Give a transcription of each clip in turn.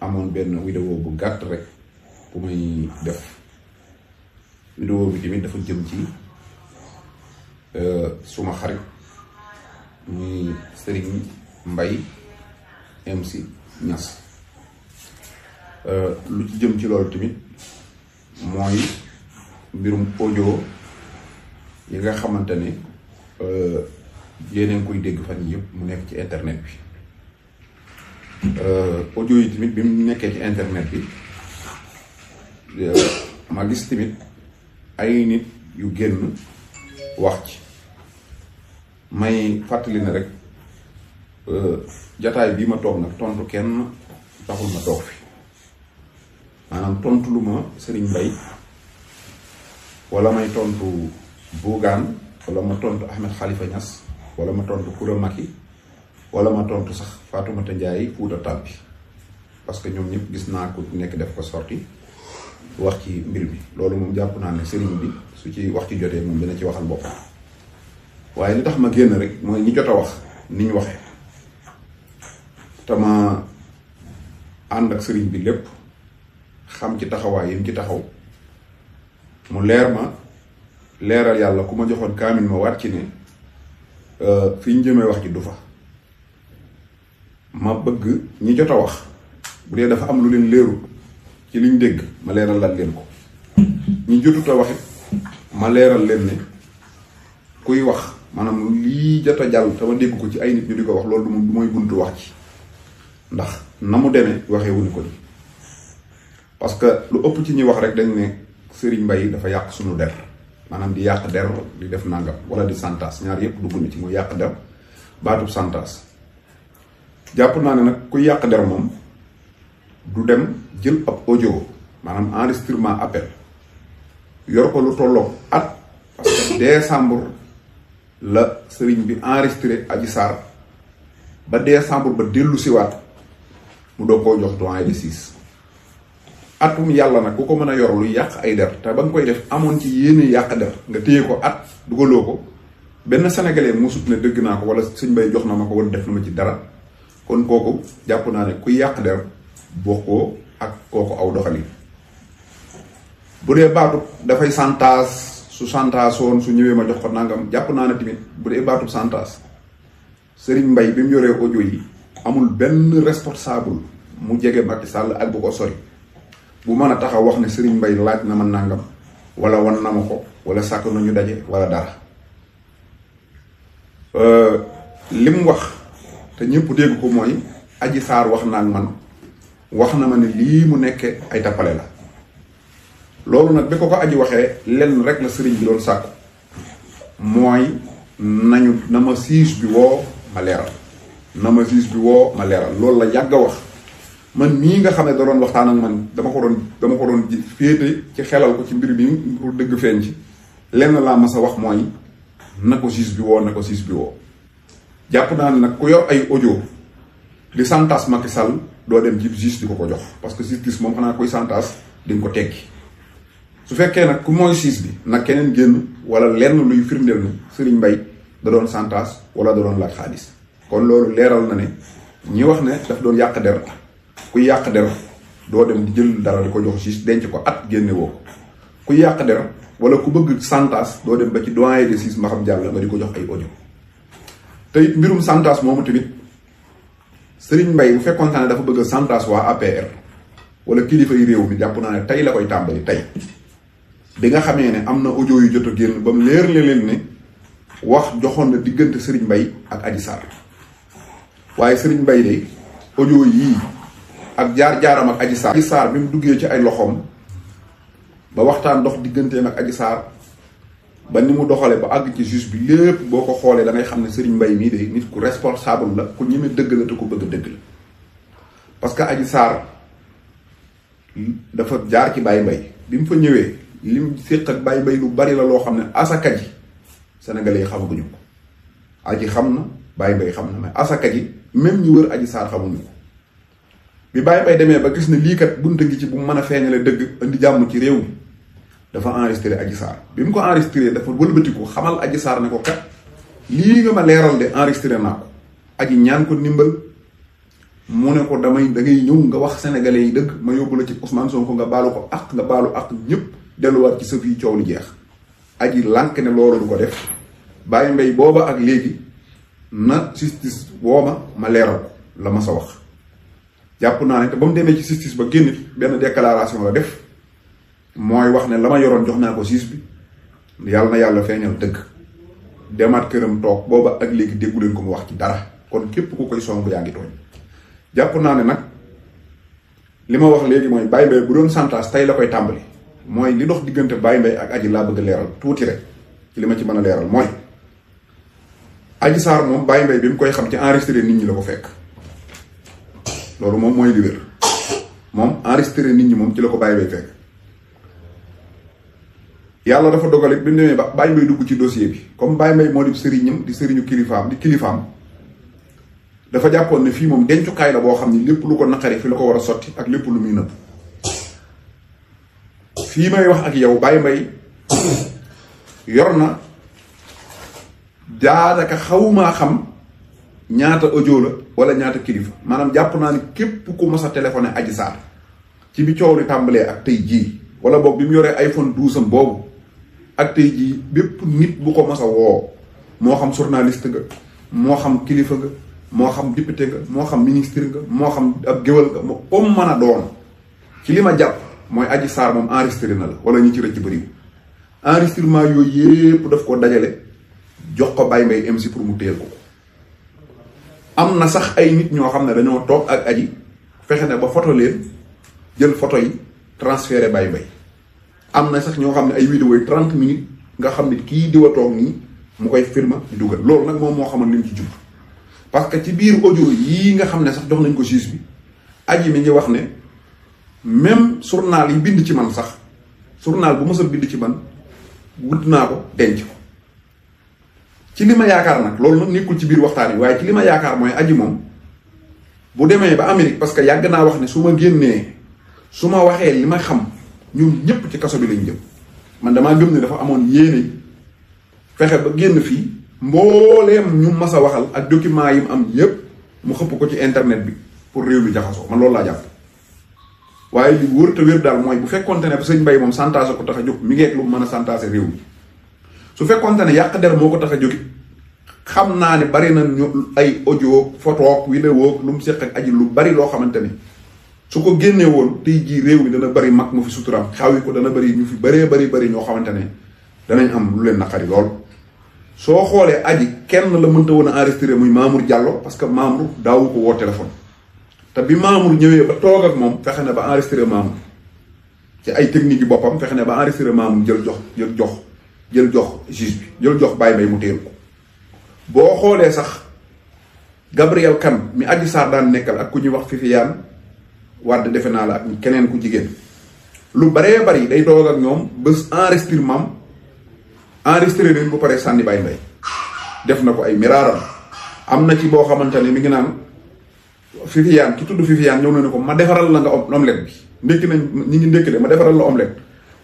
amoon benn vidéo bu gàtt rek bu may def vidéo bi tamit dafa jëm ci euh, suma xarit muy Serigne Mbaye MC Niass euh, lu ci jëm ci loolu tamit mooy mbirum audio yi nga xamante ne euh, yéen a ngi koy dégg fan yëpp mu nekk ci internet bi Euh, audio yi bi mu nekkee ci internet bi euh, ma gis tamit ay nit yu génn wax ci may fàttali na rek euh, jataay bii ma toog nag tontu kenn taxul ma toog fi maanaam tontu lu ma Serigne Mbaye wala may tontu Bougane wala ma tontu Ahmed Khalifa ñas wala ma tontu Koura Macky wala ma tontu sax Fatoumata njaay Fouta Tampi parce que ñoom ñëpp gis naa ko nekk def ko sorti wax ci mbir mi loolu moom jàpp naa ne sëriñ bi su ci wax ci jotee moom dina ci waxal boppam waaye li tax ma génn rek mooy ñi jot a wax ni ñu waxee te ànd ak sëriñ bi lépp xam ci taxawaay yi mu ci taxaw mu leer ma leeral yàlla ku ma joxoon kaamin ma waat ci ne euh, fi ñu jëmee wax ji du fa. ma bëgg ñi jot a wax bu dee dafa am lu leen leerul ci liñ dégg ma leeral laat leen ko ñi jotut a wax ma leeral leen ne kuy wax maanaam lii jot a jàll te ma dégg ko ci ay nit ñu di ko wax loolu du mooy buntu wax ci ndax na mu demee waxee wuñu ko nii parce que lu ëpp ci ñi wax rek dañ ne sëriñ mbay dafa yàq suñu der maanaam di yàq der di def nangam wala di santaas ñaar yëpp dugg na ci mooy yàq der baatub santaas jàpp naa ne nag ku yàq der moom du dem jël ab audio maanaam enregistrement appel yor ko lu tolloog at parce que décembre la sëriñ bi enregistré Adji Sarr ba décembre ba dellu siwaat mu doo koo jox doyen de six atum yàlla nag ku ko mën a yor lu yàq ay der te ba nga koy def amoon ci yéene yàq der nga téye ko at dugaloo ko loo benn sénégalais musut ne dëgg naa ko wala sëñ bay jox na ma ko wala def na ma ci dara kon kooku jàpp naa ne ku yàq der bokkoo ak kooku aw doxalin bu dee baatub dafay santaas su santaasoon su ñëwee ma jox ko nangam jàpp naa ne tamit bu dee baatub santaas Serigne mbay bi mu yoree ko yi amul benn responsable mu jege Macky sàll ak bu ko sori bu mën a taxaw wax ne Serigne Mbaye laaj na ma nangam wala wan na ma ko wala sàkk nañu daje wala dara euh, lim wax. te ñëpp dégg ko mooy aji saar wax naa ak man wax na ma ne lii mu nekke ay tappale la loolu nag bi ko ko aji waxee lenn rek la sëriñ bi doon sàkku mooy nañu na ma siis bi woo ma leeral na ma siis bi woo ma leeral loolu la yàgg wax man mii nga xam ne da doon waxtaan ak man dama ko doon dama ko doon féete ci xelal ko ci mbir bi pour dëgg feeñ ci lenn laa mas a wax mooy na ko siis bi woo na ko siis bi woo jàpp naa ne nag ku yor ay ojo li santas Macky Sall doo dem ci justice di ko ko jox parce que justice moom xanaa koy santas di nga ko teggi su fekkee nag ku mooy siis bi nag keneen génn wala lenn luy firndeel na Serigne Mbaye da doon santas wala da doon laaj kon loolu leeral na ne ñi wax ne daf doon yàq der ku yàq der doo dem di jël dara di ko jox justice denc ko at génnewoo woo ku yàq der wala ku bëgg santas doo dem ba ci doyen de siis ma xam jàll nga di ko jox ay ojo te it mbirum santas moomu tamit Serigne Mbaye bu fekkoon ne dafa bëgg a santas waa APR wala kilifa yi réew mi jàpp naa ne tey la koy tàmbali tey bi nga xamee ne am na audio yu jot a génn ba mu leer le leen ne wax joxoon na diggante Serigne mbay ak Adji waaye sëriñ Mbaye de audio yii ak jaar-jaaram ak Adji Sarr. Adji Sarr bi mu duggee ci ay loxoom ba waxtaan dox digganteem ak Adji ba ni mu doxalee ba àgg ci juge bi lépp boo ko xoolee da xam ne Serigne Mbaye mii day nit ku responsable la ku ñeme dëgg la te ku bëgg dëgg la parce que Adji Sarr dafa jaar ci Baye mbay bi mu fa ñëwee lim séq ak Baye Mbaye lu bari la loo xam ne asaka ji sénégalais yi xamaguñu ko Adji xam na Baye mbay xam na mais asaka ji même ñu wër Adji Sarr xamuñu ko bi Baye Mbaye demee ba gis ne lii kat bunte gi ci bu mën a feeñalee dëgg indi jàmm ci réew mi dafa enregistré Adji Sarr bi mu ko enregistré dafa wëlbatiku xamal Adji Sarr ne ko kat lii nga ma leeral de enregistré naa ko aji ñaan ko ndimbal mu ne ko damay da ngay ñëw nga wax sénégalais yi dëkk ma yóbbu la ci Ousmane ko nga baalu ko ak nga baalu ak ñëpp delluwaat ci sa fii coow lu jeex aji lànk ne loolu du ko def bàyyi mbay booba ak léegi na justice wooma ma leeral ko la ma sa wax jàpp naa ne te ba mu demee ci justice ba génn benn déclaration la def mooy wax ne la ma yoroon jox naa ko siis bi yàlla na yàlla feeñal dëgg demaat këram toog booba ak léegi déggu ko mu wax ci dara kon képp ku koy sonk yaa ngi tooñ jàpp naa ne nag li ma wax léegi mooy Baye Mbaye bu doon santaas tey la koy tàmbali mooy li dox diggante baay Mbaye ak aji laa bëgg leeral tuuti rek li ma ci mën a leeral mooy aji saar moom Baye Mbaye bi mu koy xam ci enregistré nit ñi la ko fekk loolu moom mooy li moom enregistré nit ñi moom ci la ko Baye yàlla dafa dogal it bi mu demee ba Baye Mbaye dugg ci dossier bi comme Baye Mbaye moo di sëriñam di sëriñu kilifaam di kilifaam dafa jàppoon ne fii moom dencukaay la boo xam ne lépp lu ko naqari fi la ko war a sotti ak lépp lu muy nëbb fii may wax ak yow Baye Mbaye yor na xaw xawumaa xam ñaata audio la wala ñaata kilifa maanaam jàpp naa ne képp ku mos a téléphoné Adji Sarr ci bi coow li tàmbalee ak tey jii wala boobu bi mu yoree iPhone 12 am boobu ak tey jii bépp nit bu ko mas a moo xam journaliste nga moo xam kilifa nga moo xam député nga moo xam ministre nga moo xam ab géwal nga moo comme mën a doon ci li ma jàpp mooy aji saar moom enregistré la wala ñu ci rëcc bëriwul enregistrement yooyu yépp daf ko dajale jox ko Baye Mbaye MC pour mu téyel ko am na sax ay nit ñoo xam ne dañoo toog ak aji fexe ne ba foto leen jël photo yi transféré Baye Mbaye am na sax ñoo xam ne ay vidéo yi trente minutes nga xam ne kii diwatoo nii mu koy firma di dugal loolu nag moom moo xam ni mu ci jub parce que ci biir audio yii nga xam ne sax jox nañ ko juge bi aji mi ngi wax ne même journal yi bind ci man sax journal bu mës a bind ci man wut naa ko denc ko ci li ma yaakaar nag loolu nag nekkul ci biir waxtaan yi waaye ci li ma yaakaar mooy aji moom bu demee ba Amérique parce que yàgg naa wax ne su ma génnee su ma waxee li ma xam. ñoom ñëpp ci kaso bi lañ jëm man damaa gëm ni dafa amoon yéene fexe ba génn fii mbooleem ñu mas a waxal ak document yi mu am yëpp mu xëpp ko ci internet bi pour réew mi jaxasoo man loolu laa jàpp. waaye li wër te wér daal mooy bu fekkonte ne sëñ mbay moom santaase ko tax a jóg mi ngi ak lu mu mën a santaase réew mi su fekkonte ne yàq der moo ko tax a jóg xam naa ne bari na ñu ay audio photo vidéo lu mu seq ak aji lu bari loo xamante ne su ko génnee woon tey jii réew mi dana bëri mag mu fi suturaam xawi ko dana bëri ñu fi bëree bëri bari ñoo xamante ne danañ am lu leen naqari lool soo xoolee aji kenn la mënta woon a enregistré muy Mamour Diallo parce que Mamour daawu ko woo téléphone te bi Mamour ñëwee ba toog ak moom fexe na ba enregistré ci ay technique yu boppam fexe ne ba enregistré Mamour jël jox jël jox jël jox juge bi jël jox bàyyi bay mu téel ko boo xoolee sax Gabriel kan mi Adji Sarr daan nekkal ak ku ñuy wax Fifi wàdd defe naa la ak keneen ku jigéen lu baree bari day doog ak ñoom bés enregistré mam enregistré leen bu paree sànni bay mbay def na ko ay miraaram am na ci boo xamante ne mi ngi naan Fifiane ki tudd Fifiane ñëw na ne ko ma defaral la nga omelette bi ndékki nañ ñi ngi ndékkile ma defaral la omelette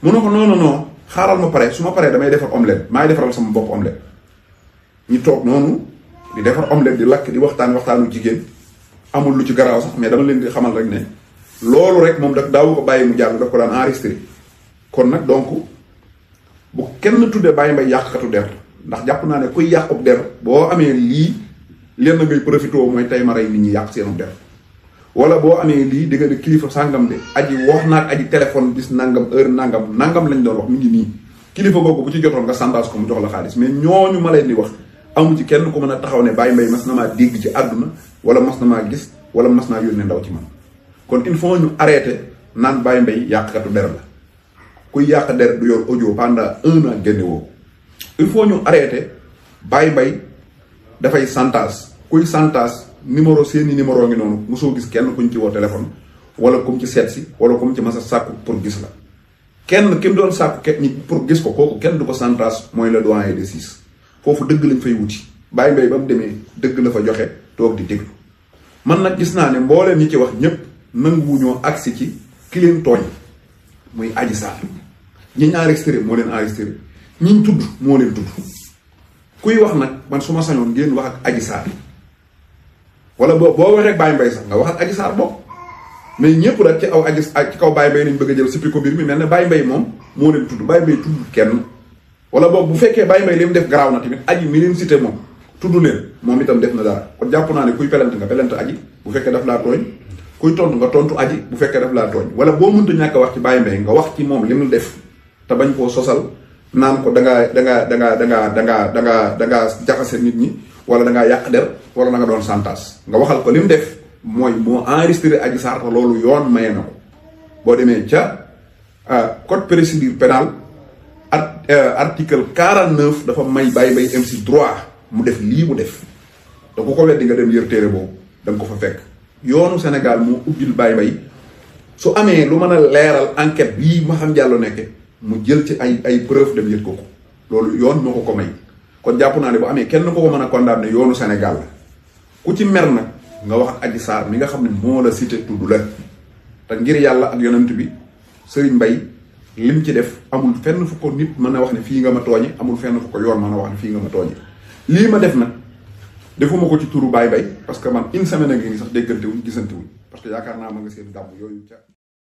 mu ne ko non non xaaral ma pare su ma paree damay defar omelette maay defaral sama bopp omelette ñu toog noonu di defar omelette di lakk di waxtaan waxtaanu jigéen amul lu ci garaaw mais dama leen di xamal rek ne loolu rek moom daf daawu ko bàyyi mu jàll daf ko daan enregistré kon nag donc bu kenn tuddee bàyyi mbay yàqkatu der ndax jàpp naa ne kuy yàqub der boo amee lii lenn ngay profité mooy tey ma rey nit ñi yàq seenu wala boo amee lii di nga ne kilifa sàngam de aji wax naa aji téléphone bis nangam heure nangam nangam lañ doon wax mi ngi nii kilifa googu bu ci jotoon nga sandage ko mu jox la xaalis mais ñooñu ma leen wax amu ci kenn ku mën a taxaw ne bàyyi mbay mas na maa dégg ci àdduna wala mas na maa gis wala mas naa yónnee ndaw ci man kon il faut ñu arrêter naan Baye mbay yàqkatu der la kuy yàq der du yor audio pendant un an génne woo il faut ñu arrêter Baye Mbaye dafay santage kuy santage numéro seeni numéro ngi noonu mosoo gis kenn kuñ ci woo téléphone wala kum ci seet si wala kum ci masa sàkku pour gis la kenn kim doon sàkku kenn pour gis ko kooku kenn du ko santage mooy le doyen de six foofu dëgg lañ fay wuti Baye mbay ba mu demee dëgg la fa joxe toog di déglu man nag gis naa ne mbooleem ñi ci wax ñëpp. nanguwuñoo agsi ci ki leen tooñ muy Adji Sarr ñiñ enregistré moo leen enregistré ñiñ tudd moo leen tudd kuy wax nag man su ma sañoon ngeen wax ak Adji Sarr wala boo boo waxee Baye Mbaye sax nga wax ak Adji Sarr bokk mais ñëpp nag ci aw Adji ci kaw Baye Mbaye lañ bëgg a jël sippi ko mbir mi mel ne baay Mbaye moom moo leen tudd Baye Mbaye tudd kenn wala boo bu fekkee Baye Mbaye li mu def garaaw na tamit aji mi leen cité moom tudd leen moom itam def na dara kon jàpp naa ne kuy pelante nga pelante aji bu fekkee daf laa tooñ kuy tontu nga tontu aji bu fekkee daf laa tooñ wala boo mënta ñàkk a wax ci Baye Mbaye nga wax ci moom li mu def te bañ koo sosal naan ko dangaa dangaa dangaa dangaa danga danga dangaa jaxase nit ñi wala dangaa yàq der wala da nga doon santas nga waxal ko li mu def mooy moo enregistré aji Sarr loolu yoon maye na ko boo demee ca euh, code procédure pénale art euh, article 49 dafa may Baye Mbaye MC droit mu def lii mu def te ku ko weddi nga dem yër téere boobu da ko fa fekk yoonu senegal moo ubbil Baye Mbaye su amee lu mën a leeral enquête bii xam Diallo nekke mu jël ci ay ay preuve dem yët ko ko loolu yoon moo ko ko may kon jàpp naa ne bu amee kenn ko ko mën a condamné yoonu Sénégal la ku ci mer na nga wax ak Adji Sarr mi nga xam ne moo la cité tudd la te ngir yàlla ak yonent bi Serigne mbay lim ci def amul fenn fu ko nit mën a wax ne fii nga ma tooñe amul fenn fu ko yoon mën a wax ne fii nga ma tooñe lii ma def na defuma ko ci turu Baye Baye parce que man une semaine a ngi nii sax déggante wuñ gisante wuñ parce que yaakaar naa ma nga seen dàmm yooyu ca.